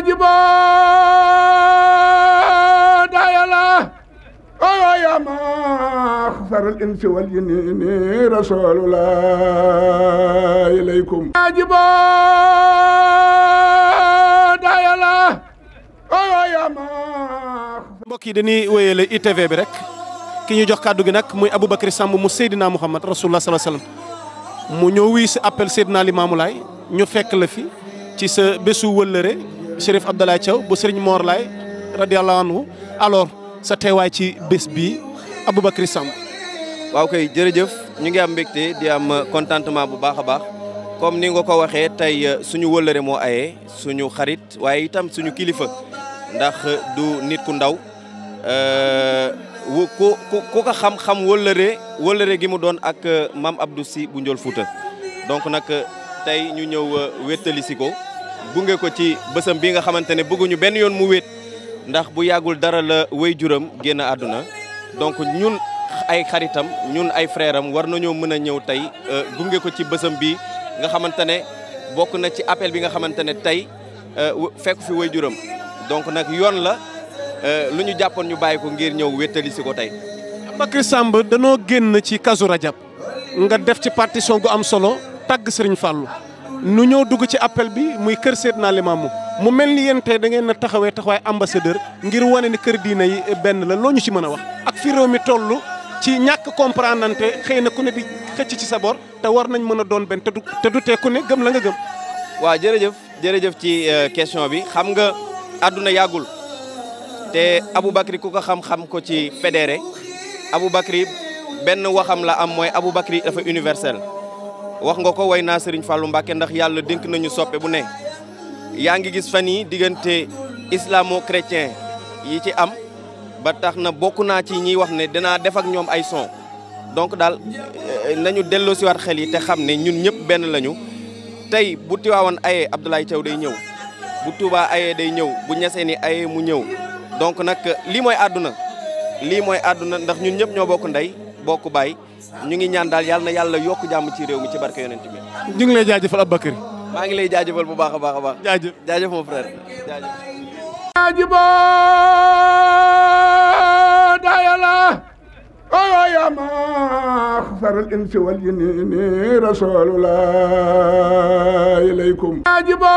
واجبا دايلا ويا ما خسر الانس والجنين رسول الله اليكم واجبا دايلا ويا ما mbokk yi dañuy wéyale ITV bi rek ki ñu jox kàddu gi nag muy Aboubacry Samb mu Seydina Mouhamad rasulullah sallallahu mu ñëw wuy appel Seydina Limamou ñu fekk la fi ci sa bésu wëllëre Chérif Abdoulaye Thiaw bu Serigne Mor Laye radiyallahu anhu alors sa teewaay ci bis bi Aboubacry Samb. waaw kay jërëjëf ñu ngi am mbégte di am kontantement bu baax a baax comme ni nga ko waxee tey euh, suñu wëllëre moo ayee suñu xarit waaye itam suñu kilifa ndax euh, du nit ku ndaw euh, ku ku ko xam-xam wëllëre wëllëre gi mu doon ak maam Abdou si bu Ndiol Fouta donc nag tey ñu ñëw wéttali si ko gunge ko ci bësam bi nga xamante ne bëgguñu benn yoon mu wéet ndax bu yàggul dara la way juram génn àdduna donc ñun ay xaritam ñun ay frère am war nañoo mën a ñëw tey euh, gunge ko ci bësam bi nga xamante ne bokk na ci appel bi nga xamante ne tey euh, fekk fi way juram donc nag yoon la euh, lu ñu jàppoon ñu bàyyi ko ngir ñëw wéttali si ko tey Bakary Samb danoo génn ci Kazu Rajab nga def ci partition gu am solo tàgg Serigne Fallou nu ñëw dugg ci appel bi muy kër Seydina Limaamu mu mel ni yéen tey da ngeen na taxawee taxawaay ambassadeur ngir wane ni kër diina yi benn la loo ñu ci mën a wax. ak fi réew mi tollu ci ñàkk comprendre nante xëy na ku ne di xëcc ci sa bor te war nañ mën a doon benn te du te du tee ku ne gëm la nga gëm. waa jërëjëf jërëjëf ci euh, question bi xam nga àdduna yàggul te Aboubacry ku ko xam-xam ko ci fédéré Aboubacry benn waxam la am mooy Aboubacry dafa universel. wax nga ko way naa Serigne Fallou Mbacké ndax yàlla dénk nañu soppe bu ne yaa ngi gis fan yi diggante islamo chrétien yi ci am ba tax na bokk naa ci ñiy wax ne dinaa def ak ñoom ay son donc daal euh, nañu delloo siwaat xel yi te xam ne ñun ñëpp benn lañu tey bu Tiwaawan ayee Abdoulaye Thiaw day ñëw bu Touba ayee day ñëw bu Ñaseen yi ayee mu ñëw donc nag lii mooy àdduna lii mooy àdduna ndax ñun ñëpp ñoo bokk ndey bokk baay ñu ngi ñaan daal yàlla na yàlla yokk jàmm ci réew mi ci barke yonent bi ñu ngi lay jaajëfal Aboubacry maa ngi lay jaajëfal bu baax a baax a baax jaajëf jaajëf mon frère jaajëf jaajëbo dayala oyo yama faral insi wal yinini rasulullah ilaykum jaajëbo